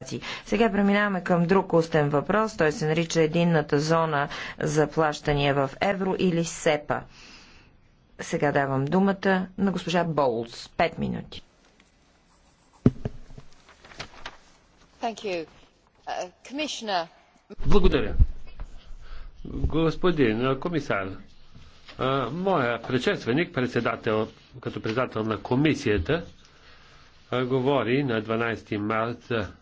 организации. Сега преминаваме към друг устен въпрос. Той се нарича Единната зона за плащания в евро или СЕПА. Сега давам думата на госпожа Боулс. Пет минути. Uh, Благодаря. Господин комисар, моя предшественик, председател, като председател на комисията, говори на 12 марта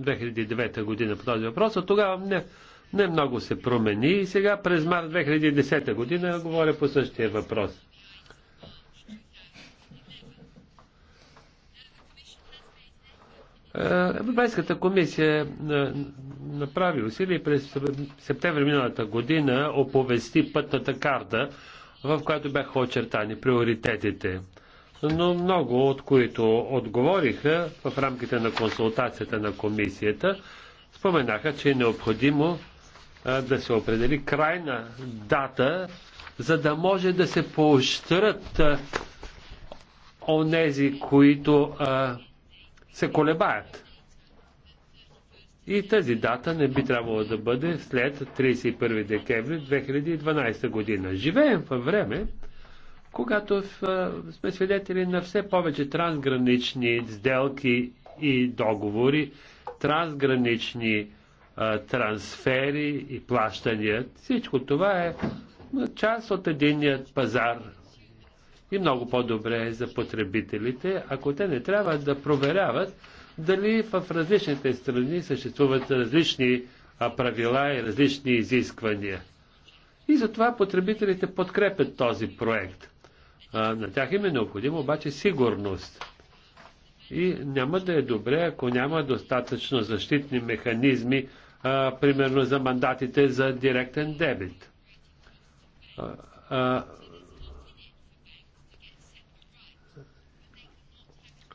2009 година по този въпрос. От тогава не, не много се промени и сега през март 2010 година говоря по същия въпрос. Е, Европейската комисия е, направи усилия през септември миналата година оповести пътната карта, в която бяха очертани приоритетите но много от които отговориха в рамките на консултацията на комисията, споменаха, че е необходимо да се определи крайна дата, за да може да се поощрят онези, които а, се колебаят. И тази дата не би трябвало да бъде след 31 декември 2012 година. Живеем във време, когато сме свидетели на все повече трансгранични сделки и договори, трансгранични а, трансфери и плащания. Всичко това е част от единният пазар и много по-добре е за потребителите, ако те не трябва да проверяват дали в различните страни съществуват различни правила и различни изисквания. И затова потребителите подкрепят този проект. На тях им е необходимо обаче сигурност. И няма да е добре, ако няма достатъчно защитни механизми, а, примерно за мандатите за директен дебит. А, а,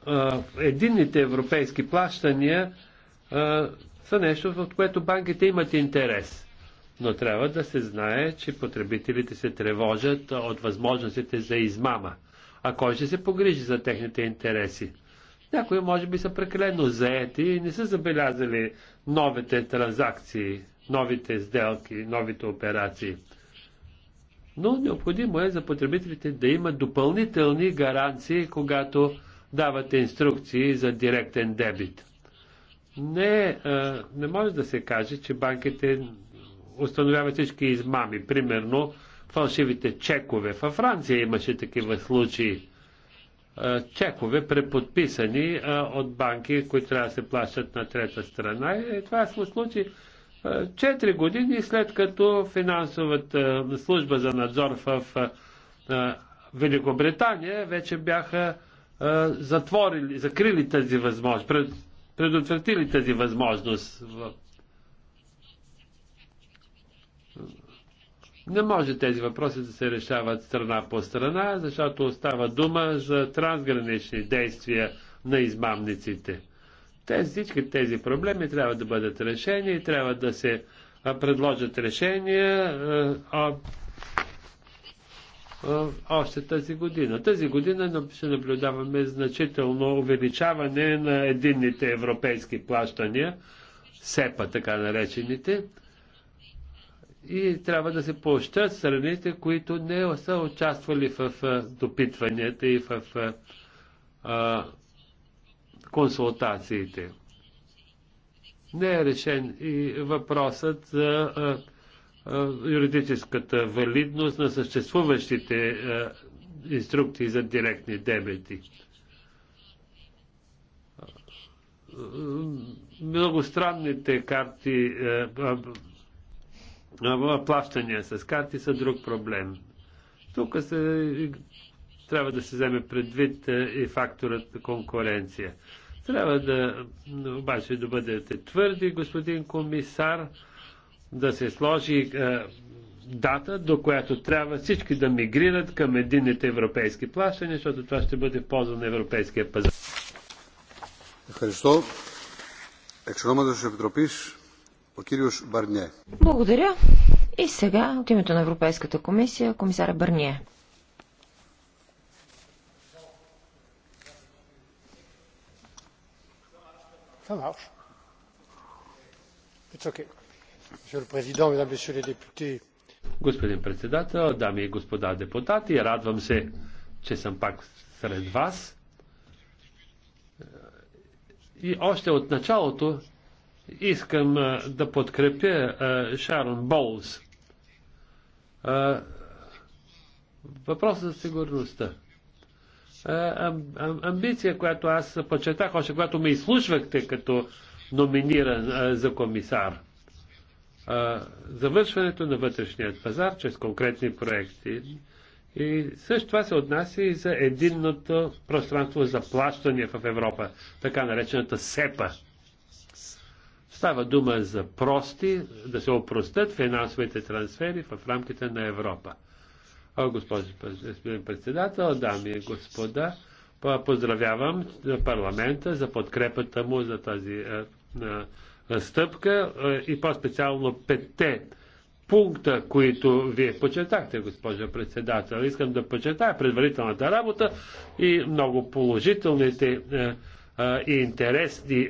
а, единните европейски плащания а, са нещо, от което банките имат интерес но трябва да се знае, че потребителите се тревожат от възможностите за измама. А кой ще се погрижи за техните интереси? Някои може би са прекалено заети и не са забелязали новите транзакции, новите сделки, новите операции. Но необходимо е за потребителите да имат допълнителни гаранции, когато давате инструкции за директен дебит. Не, е, не може да се каже, че банките установява всички измами. Примерно, фалшивите чекове. Във Франция имаше такива случаи. Чекове преподписани от банки, които трябва да се плащат на трета страна. И това се случи четири години след като финансовата служба за надзор в Великобритания вече бяха затворили, закрили тази възможност, предотвратили тази възможност Не може тези въпроси да се решават страна по страна, защото остава дума за трансгранични действия на измамниците. Тези, всички тези проблеми трябва да бъдат решени и трябва да се предложат решения а, а, още тази година. Тази година ще наблюдаваме значително увеличаване на единните европейски плащания, СЕПА така наречените, и трябва да се поощрят страните, които не са участвали в допитванията и в а, консултациите. Не е решен и въпросът за а, а, юридическата валидност на съществуващите а, инструкции за директни дебети. Многостранните карти. А, плащания с карти са друг проблем. Тук се, трябва да се вземе предвид е, и факторът конкуренция. Трябва да, обаче, да бъдете твърди, господин комисар, да се сложи е, дата, до която трябва всички да мигрират към единните европейски плащания, защото това ще бъде в полза на европейския пазар. Ευχαριστώ. Εξ ονόματος της благодаря. И сега от името на Европейската комисия комисаря Барние. Господин председател, дами и господа депутати, радвам се, че съм пак сред вас. И още от началото Искам а, да подкрепя а, Шарон Боулс. А, въпросът за сигурността. А, ам, ам, амбиция, която аз почетах още, когато ме изслушвахте като номиниран а, за комисар. А, завършването на вътрешният пазар чрез конкретни проекти. И също това се отнася и за единното пространство за плащания в Европа, така наречената СЕПА. Става дума за прости, да се опростят финансовите трансфери в рамките на Европа. господин председател, дами и господа, поздравявам парламента за подкрепата му за тази е, е, стъпка е, и по-специално петте пункта, които вие почетахте, госпожа председател. Искам да почетая предварителната работа и много положителните и интересни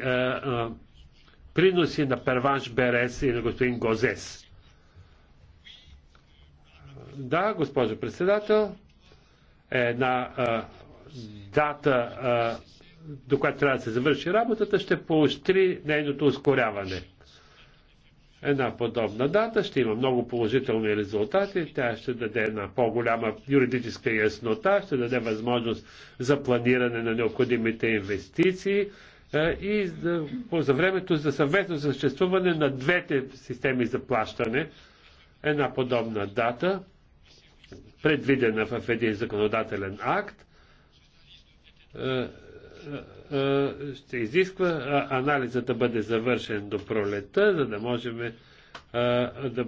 приноси на Перванш Берес и на господин Гозес. Да, госпожо председател, е една а, дата, а, до която трябва да се завърши работата, ще поощри нейното ускоряване. Една подобна дата ще има много положителни резултати, тя ще даде една по-голяма юридическа яснота, ще даде възможност за планиране на необходимите инвестиции, и за, за времето за съвместно съществуване на двете системи за плащане. Една подобна дата, предвидена в един законодателен акт, ще изисква анализът да бъде завършен до пролета, за да можем да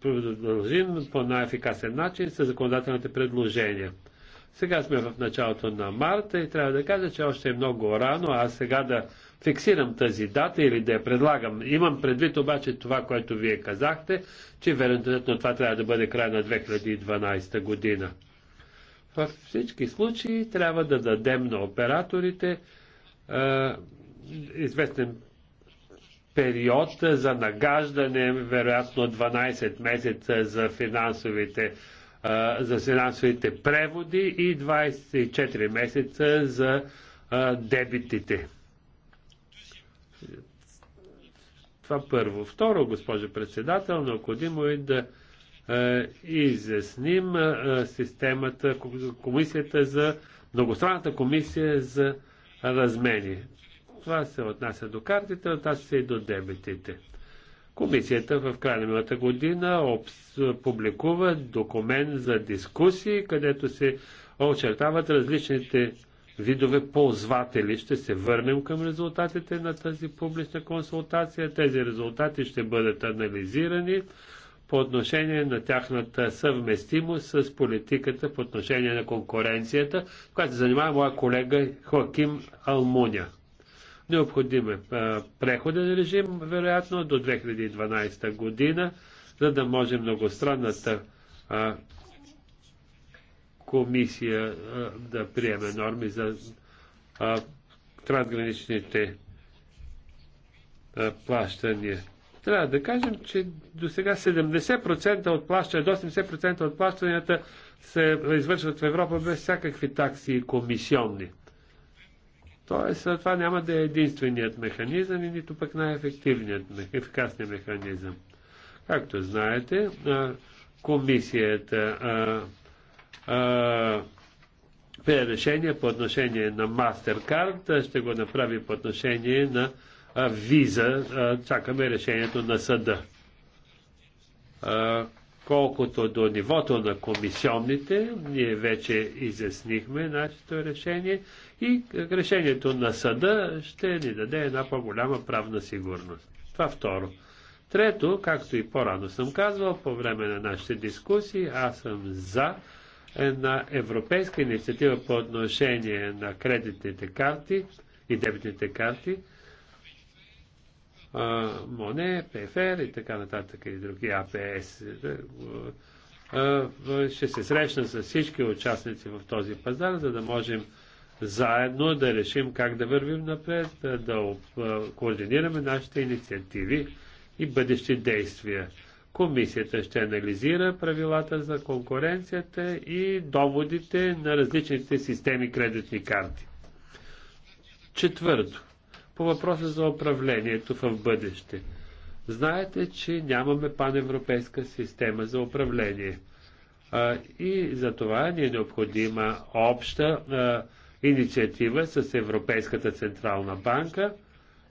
продължим по най-ефикасен начин с законодателните предложения. Сега сме в началото на марта и трябва да кажа, че още е много рано, а сега да фиксирам тази дата или да я предлагам. Имам предвид обаче това, което вие казахте, че вероятно това трябва да бъде край на 2012 година. Във всички случаи трябва да дадем на операторите е, известен период за нагаждане, вероятно 12 месеца за финансовите за финансовите преводи и 24 месеца за дебитите. Това първо. Второ, госпожо председател, необходимо е да изясним системата, комисията за многостранната комисия за размени. Това се отнася до картите, отнася се и до дебетите. Комисията в края на миналата година публикува документ за дискусии, където се очертават различните видове ползватели. Ще се върнем към резултатите на тази публична консултация. Тези резултати ще бъдат анализирани по отношение на тяхната съвместимост с политиката по отношение на конкуренцията, която се занимава моя колега Хоаким Алмуня. Необходим е преходен режим, вероятно, до 2012 година, за да може многостранната комисия да приеме норми за трансграничните плащания. Трябва да кажем, че до сега 70% от плащанията, до 80% от плащанията се извършват в Европа без всякакви такси и комисионни. Тоест, това няма да е единственият механизъм и нито пък най-ефективният, ефикасният механизъм. Както знаете, комисията при решение по отношение на MasterCard, ще го направи по отношение на виза. Чакаме решението на съда Колкото до нивото на комисионните, ние вече изяснихме нашето решение и решението на съда ще ни даде една по-голяма правна сигурност. Това второ. Трето, както и по-рано съм казвал, по време на нашите дискусии, аз съм за една европейска инициатива по отношение на кредитните карти и дебитните карти – МОНЕ, ПФР и така нататък и други АПС. Ще се срещна с всички участници в този пазар, за да можем заедно да решим как да вървим напред, да координираме нашите инициативи и бъдещи действия. Комисията ще анализира правилата за конкуренцията и доводите на различните системи кредитни карти. Четвърто по въпроса за управлението в бъдеще. Знаете, че нямаме паневропейска система за управление. А, и за това ни е необходима обща а, инициатива с Европейската Централна банка,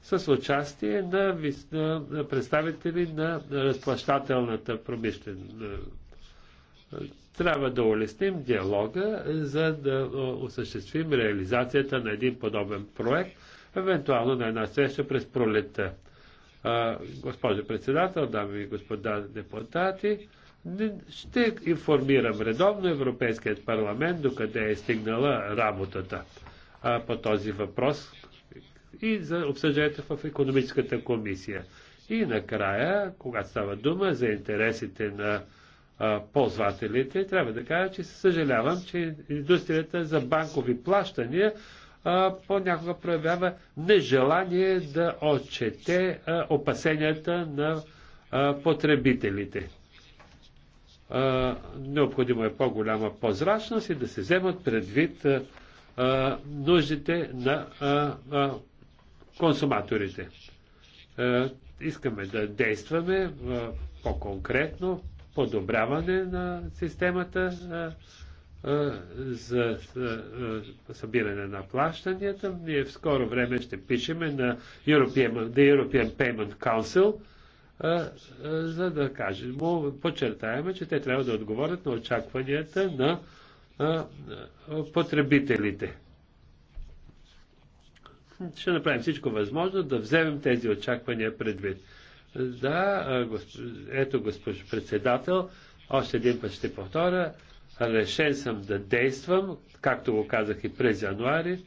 с участие на, вис... на представители на разплащателната промишлена. Трябва да улесним диалога, за да осъществим реализацията на един подобен проект – евентуално на една среща през пролетта. Госпожо председател, дами и господа депутати, ще информирам редовно Европейският парламент докъде е стигнала работата по този въпрос и за обсъждането в економическата комисия. И накрая, когато става дума за интересите на а, ползвателите, трябва да кажа, че съжалявам, че индустрията за банкови плащания понякога проявява нежелание да отчете опасенията на потребителите. Необходимо е по-голяма прозрачност и да се вземат предвид нуждите на консуматорите. Искаме да действаме по-конкретно, подобряване на системата за събиране на плащанията. Ние в скоро време ще пишеме на European, the European Payment Council, за да кажем, подчертаваме, че те трябва да отговорят на очакванията на потребителите. Ще направим всичко възможно да вземем тези очаквания предвид. Да, госп... ето госпожо председател, още един път ще повторя, Решен съм да действам, както го казах и през януари.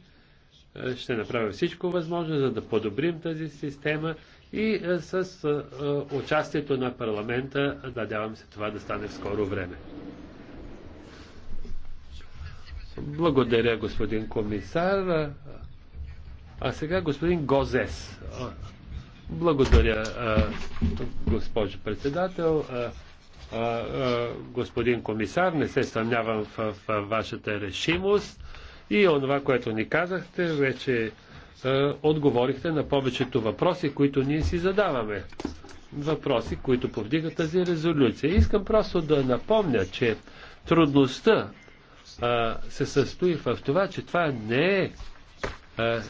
Е, ще направя всичко възможно, за да подобрим тази система и е, с е, участието на парламента надявам се това да стане в скоро време. Благодаря, господин комисар. А сега господин Гозес. Благодаря, госпожо председател господин комисар. Не се съмнявам в, в вашата решимост и онова, което ни казахте, вече отговорихте на повечето въпроси, които ние си задаваме. Въпроси, които повдига тази резолюция. Искам просто да напомня, че трудността а, се състои в това, че това не е а,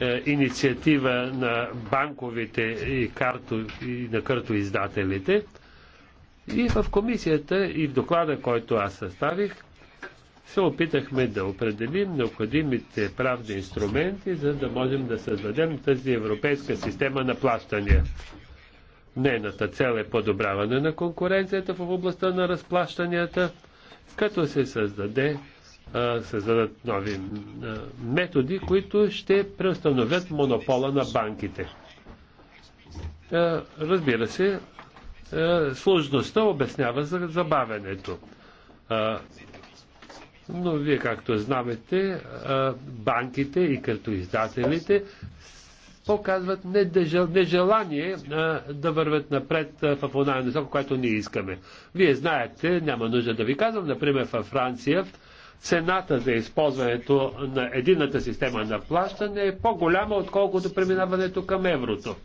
е, инициатива на банковите и, карто, и на картоиздателите, и в комисията и в доклада, който аз съставих, се опитахме да определим необходимите правни инструменти, за да можем да създадем тази европейска система на плащания. Нейната цел е подобряване на конкуренцията в областта на разплащанията, като се създаде, създадат нови методи, които ще преустановят монопола на банките. Разбира се, е, сложността обяснява за забавянето. Но вие, както знаете, банките и като издателите показват нежелание да вървят напред в една насока, която ние искаме. Вие знаете, няма нужда да ви казвам, например във Франция цената за използването на едината система на плащане е по-голяма, отколкото преминаването към еврото.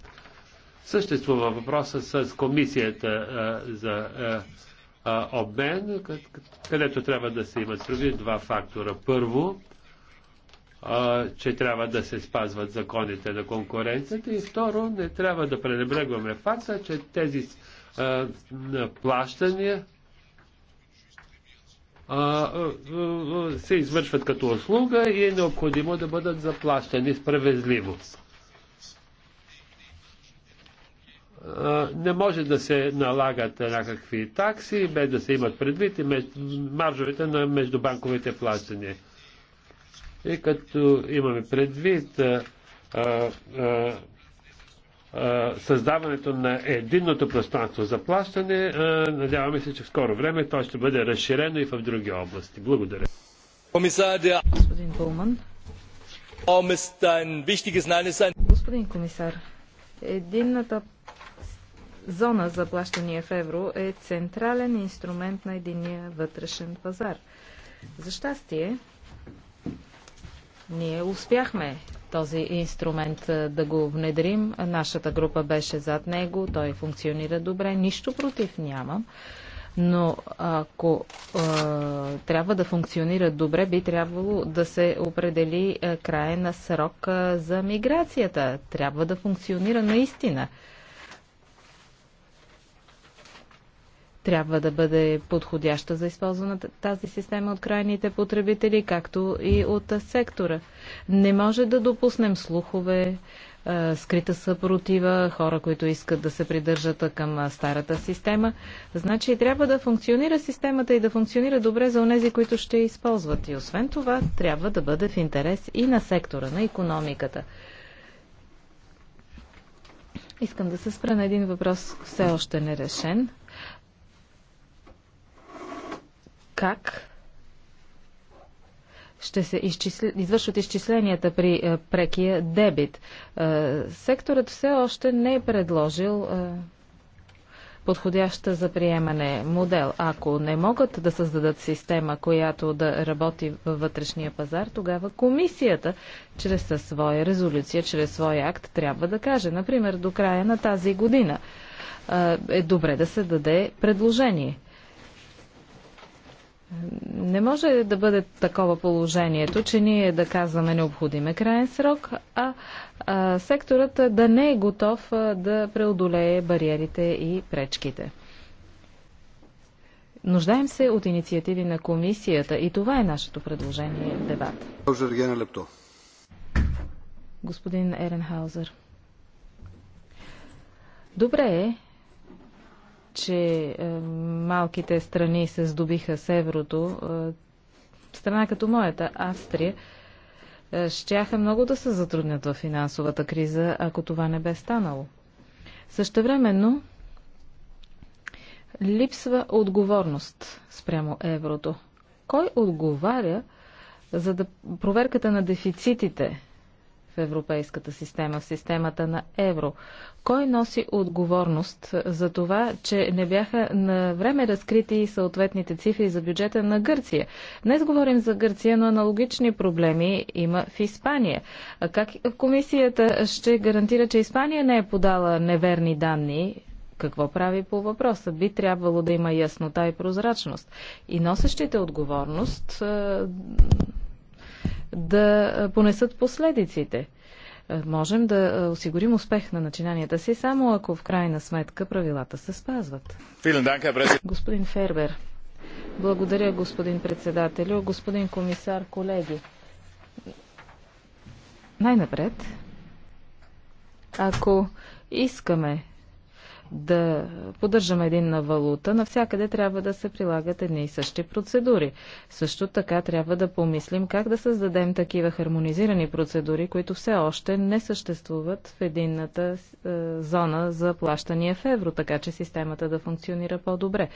Съществува въпроса с комисията за обмен, където трябва да се имат предвид два фактора. Първо, че трябва да се спазват законите на конкуренцията и второ, не трябва да пренебрегваме факта, че тези плащания се извършват като услуга и е необходимо да бъдат заплащани справедливо. не може да се налагат някакви такси, без да се имат предвид и маржовете на междубанковите плащания. И като имаме предвид а, а, а, създаването на единното пространство за плащане, а, надяваме се, че в скоро време то ще бъде разширено и в други области. Благодаря. Господин Пулман. Господин комисар, единната зона за плащания в евро е централен инструмент на единия вътрешен пазар. За щастие, ние успяхме този инструмент да го внедрим. Нашата група беше зад него, той функционира добре, нищо против нямам. Но ако е, трябва да функционира добре, би трябвало да се определи е, края на срок е, за миграцията. Трябва да функционира наистина. трябва да бъде подходяща за използваната тази система от крайните потребители, както и от сектора. Не може да допуснем слухове, скрита съпротива, хора, които искат да се придържат към старата система. Значи трябва да функционира системата и да функционира добре за онези, които ще използват. И освен това, трябва да бъде в интерес и на сектора, на економиката. Искам да се спра на един въпрос, все още нерешен. как ще се изчисли, извършват изчисленията при а, е, прекия дебит. А, е, секторът все още не е предложил а, е, подходяща за приемане модел. Ако не могат да създадат система, която да работи във вътрешния пазар, тогава комисията, чрез своя резолюция, чрез своя акт, трябва да каже, например, до края на тази година, е добре да се даде предложение. Не може да бъде такова положението, че ние да казваме необходим е крайен срок, а, а секторът да не е готов да преодолее бариерите и пречките. Нуждаем се от инициативи на комисията и това е нашето предложение в дебата. Господин Еренхаузер. Добре е че е, малките страни се здобиха с еврото, е, страна като моята, Австрия, е, щяха много да се затруднят в финансовата криза, ако това не бе станало. Същевременно липсва отговорност спрямо еврото. Кой отговаря за да проверката на дефицитите в европейската система, в системата на евро. Кой носи отговорност за това, че не бяха на време разкрити съответните цифри за бюджета на Гърция? Днес говорим за Гърция, но аналогични проблеми има в Испания. Как комисията ще гарантира, че Испания не е подала неверни данни какво прави по въпроса? Би трябвало да има яснота и прозрачност. И носещите отговорност да понесат последиците. Можем да осигурим успех на начинанията си, само ако в крайна сметка правилата се спазват. Е, господин Фербер, благодаря господин председателю, господин комисар, колеги. Най-напред, ако искаме да поддържаме единна валута, навсякъде трябва да се прилагат едни и същи процедури. Също така трябва да помислим как да създадем такива хармонизирани процедури, които все още не съществуват в единната е, зона за плащания в евро, така че системата да функционира по-добре.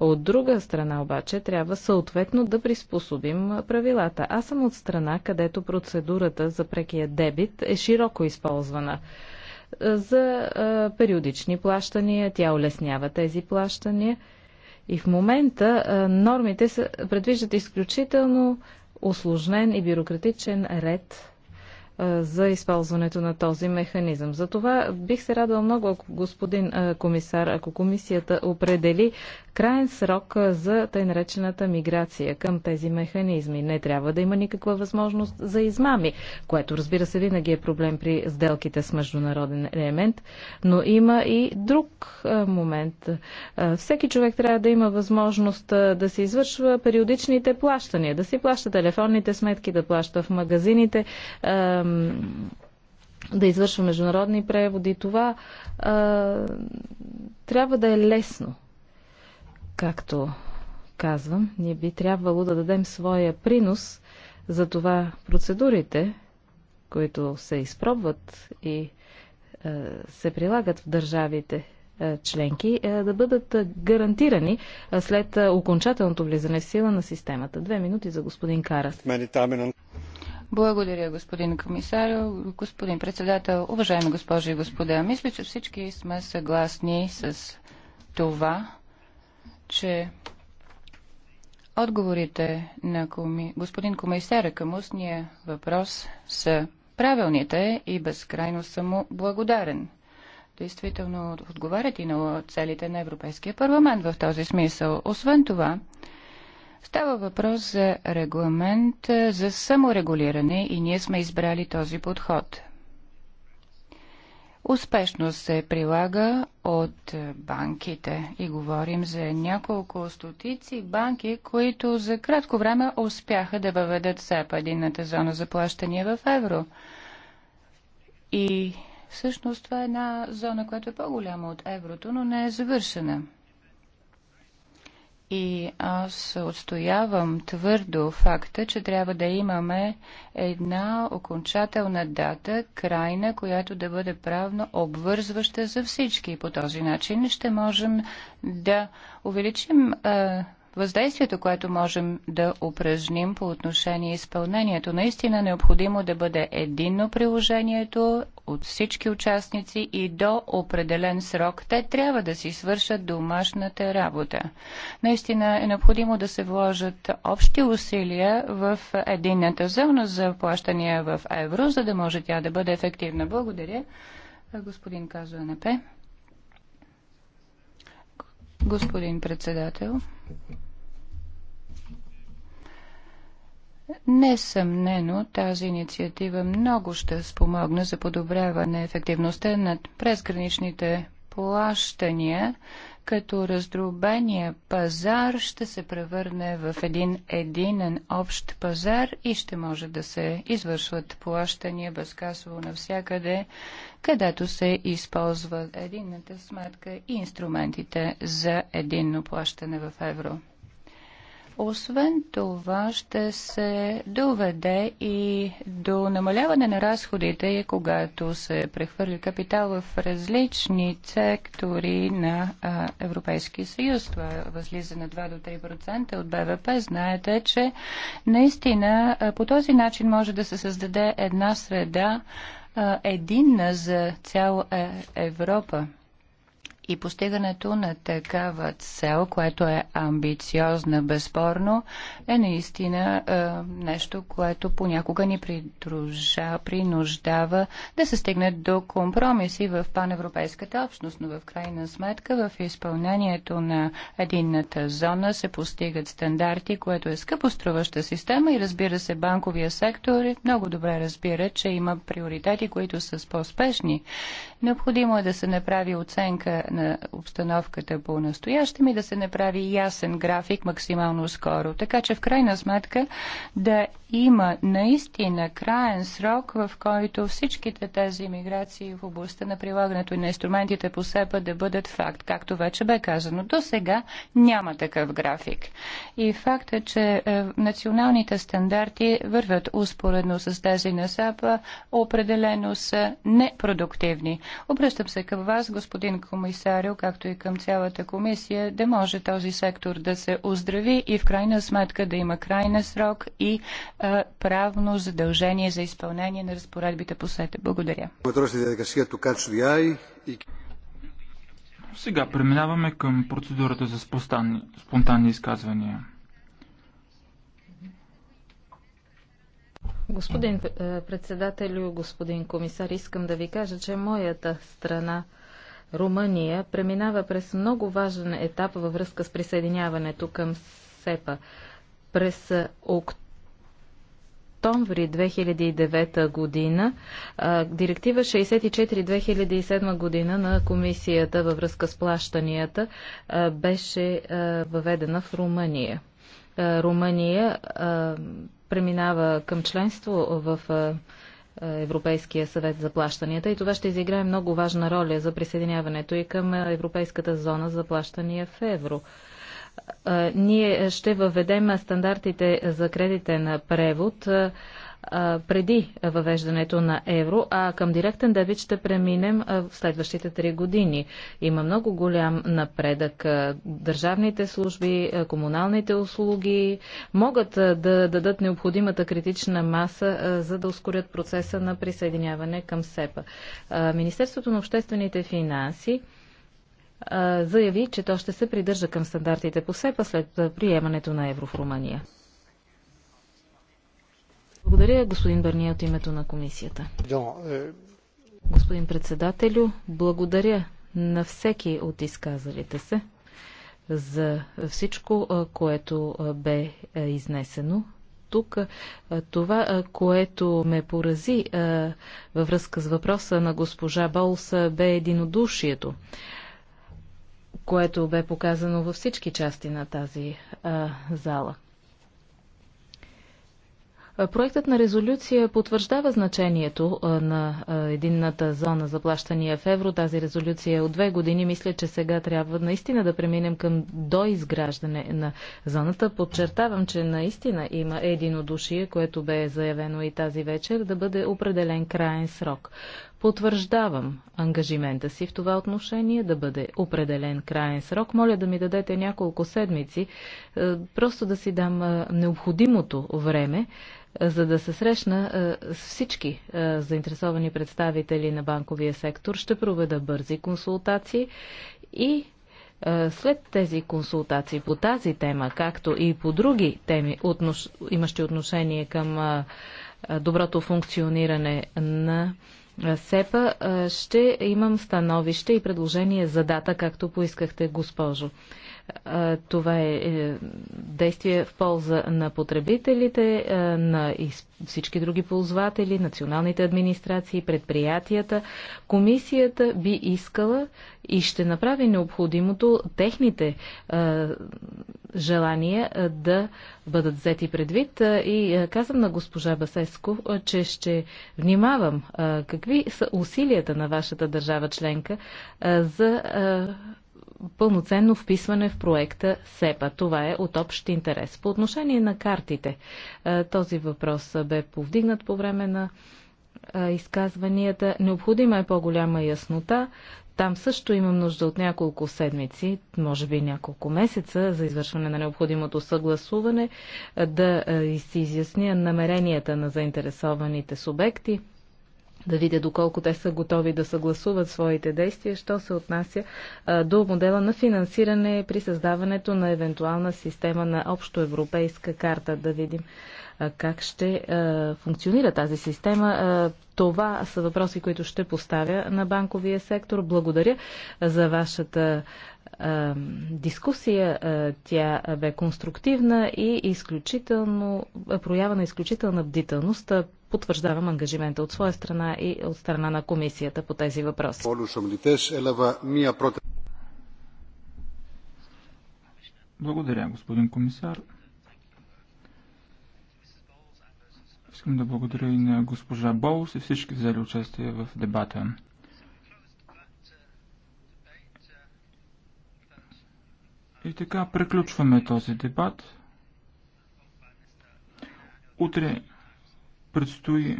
От друга страна обаче трябва съответно да приспособим правилата. Аз съм от страна, където процедурата за прекия дебит е широко използвана за периодични плащания. Тя улеснява тези плащания. И в момента нормите предвиждат изключително осложнен и бюрократичен ред за използването на този механизъм. За това бих се радвал много, ако господин комисар, ако комисията определи крайен срок за тъй наречената миграция към тези механизми. Не трябва да има никаква възможност за измами, което разбира се винаги е проблем при сделките с международен елемент, но има и друг момент. Всеки човек трябва да има възможност да се извършва периодичните плащания, да си плаща телефонните сметки, да плаща в магазините, да извършва международни преводи. Това а, трябва да е лесно. Както казвам, ние би трябвало да дадем своя принос за това процедурите, които се изпробват и а, се прилагат в държавите а, членки, а, да бъдат гарантирани след окончателното влизане в сила на системата. Две минути за господин Карас. Благодаря, господин комисар, господин председател, уважаеми госпожи и господа. Мисля, че всички сме съгласни с това, че отговорите на коми... господин комисаря към устния въпрос са правилните и безкрайно съм благодарен. Действително отговарят и на целите на Европейския парламент в този смисъл. Освен това, Става въпрос за регламент е, за саморегулиране и ние сме избрали този подход. Успешно се прилага от банките и говорим за няколко стотици банки, които за кратко време успяха да въведат СЕП, единната зона за плащания в евро. И всъщност това е една зона, която е по-голяма от еврото, но не е завършена. И аз отстоявам твърдо факта, че трябва да имаме една окончателна дата, крайна, която да бъде правно обвързваща за всички. По този начин ще можем да увеличим а, въздействието, което можем да упражним по отношение изпълнението. Наистина необходимо да бъде единно приложението от всички участници и до определен срок те трябва да си свършат домашната работа. Наистина е необходимо да се вложат общи усилия в единната зона за плащания в евро, за да може тя да бъде ефективна. Благодаря, господин Казуанепе. Господин председател. Несъмнено тази инициатива много ще спомогне за подобряване ефективността на презграничните плащания като раздробения пазар ще се превърне в един единен общ пазар и ще може да се извършват плащания безкасово навсякъде, където се използва единната сметка и инструментите за единно плащане в евро. Освен това ще се доведе и до намаляване на разходите, когато се прехвърли капитал в различни сектори на а, съюз. Това възлиза на 2 до 3% от БВП. Знаете, че наистина по този начин може да се създаде една среда а, единна за цяла е, Европа. И постигането на такава цел, което е амбициозна, безспорно, е наистина е, нещо, което понякога ни придружа, принуждава да се стигне до компромиси в паневропейската общност, но в крайна сметка в изпълнението на единната зона се постигат стандарти, което е скъпоструваща система и разбира се банковия сектор много добре разбира, че има приоритети, които са по-спешни Необходимо е да се направи оценка на обстановката по настоящем и да се направи ясен график максимално скоро. Така че в крайна сметка да има наистина краен срок, в който всичките тези миграции в областта на прилагането и на инструментите по СЕПА да бъдат факт, както вече бе казано. До сега няма такъв график. И факт е, че националните стандарти вървят успоредно с тези на САПА, определено са непродуктивни. Обръщам се към вас, господин комисарио, както и към цялата комисия, да може този сектор да се оздрави и в крайна сметка да има крайна срок и е, правно задължение за изпълнение на разпоредбите по СЕТА. Благодаря. Е Сега преминаваме към процедурата за спонтанни, спонтанни изказвания. Господин е, председател, господин комисар, искам да ви кажа, че моята страна Румъния преминава през много важен етап във връзка с присъединяването към СЕПА. През октомври октомври 2009 година директива 64-2007 година на комисията във връзка с плащанията беше въведена в Румъния. Румъния преминава към членство в Европейския съвет за плащанията и това ще изиграе много важна роля за присъединяването и към Европейската зона за плащания в евро ние ще въведем стандартите за кредитен превод преди въвеждането на евро, а към директен дебит ще преминем в следващите три години. Има много голям напредък. Държавните служби, комуналните услуги могат да дадат необходимата критична маса, за да ускорят процеса на присъединяване към СЕПА. Министерството на обществените финанси заяви, че то ще се придържа към стандартите по СЕПА след приемането на евро в Румъния. Благодаря, господин Бърния, от името на комисията. Е, господин председателю, благодаря на всеки от изказалите се за всичко, което бе изнесено тук. Това, което ме порази във връзка с въпроса на госпожа Болс, бе единодушието което бе показано във всички части на тази а, зала. Проектът на резолюция потвърждава значението на единната зона за плащания в евро. Тази резолюция е от две години. Мисля, че сега трябва наистина да преминем към доизграждане на зоната. Подчертавам, че наистина има единодушие, което бе заявено и тази вечер, да бъде определен крайен срок. Потвърждавам ангажимента си в това отношение да бъде определен крайен срок. Моля да ми дадете няколко седмици, е, просто да си дам е, необходимото време, е, за да се срещна с всички заинтересовани представители на банковия сектор. Ще проведа бързи консултации и след тези консултации по тази тема, както и по други теми, имащи отношение към доброто функциониране на СЕПА ще имам становище и предложение за дата, както поискахте, госпожо. Това е, е действие в полза на потребителите, е, на всички други ползватели, националните администрации, предприятията. Комисията би искала и ще направи необходимото техните е, желания да бъдат взети предвид. И казвам на госпожа Басеско, че ще внимавам какви са усилията на вашата държава членка за пълноценно вписване в проекта СЕПА. Това е от общ интерес. По отношение на картите, този въпрос бе повдигнат по време на изказванията. Необходима е по-голяма яснота. Там също имам нужда от няколко седмици, може би няколко месеца, за извършване на необходимото съгласуване, да си изясня намеренията на заинтересованите субекти, да видя доколко те са готови да съгласуват своите действия, що се отнася а, до модела на финансиране при създаването на евентуална система на общоевропейска карта. Да видим а, как ще а, функционира тази система. Това са въпроси, които ще поставя на банковия сектор. Благодаря за вашата дискусия. Тя бе конструктивна и изключително, проява на изключителна бдителност потвърждавам ангажимента от своя страна и от страна на комисията по тези въпроси. Благодаря, господин комисар. Искам да благодаря и на госпожа Болс и всички взели участие в дебата. И така, приключваме този дебат. Утре предстои.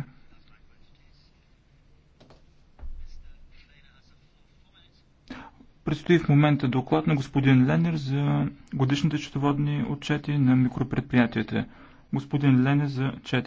Предстои в момента доклад на господин Ленер за годишните счетоводни отчети на микропредприятията. Господин Ленер за 4.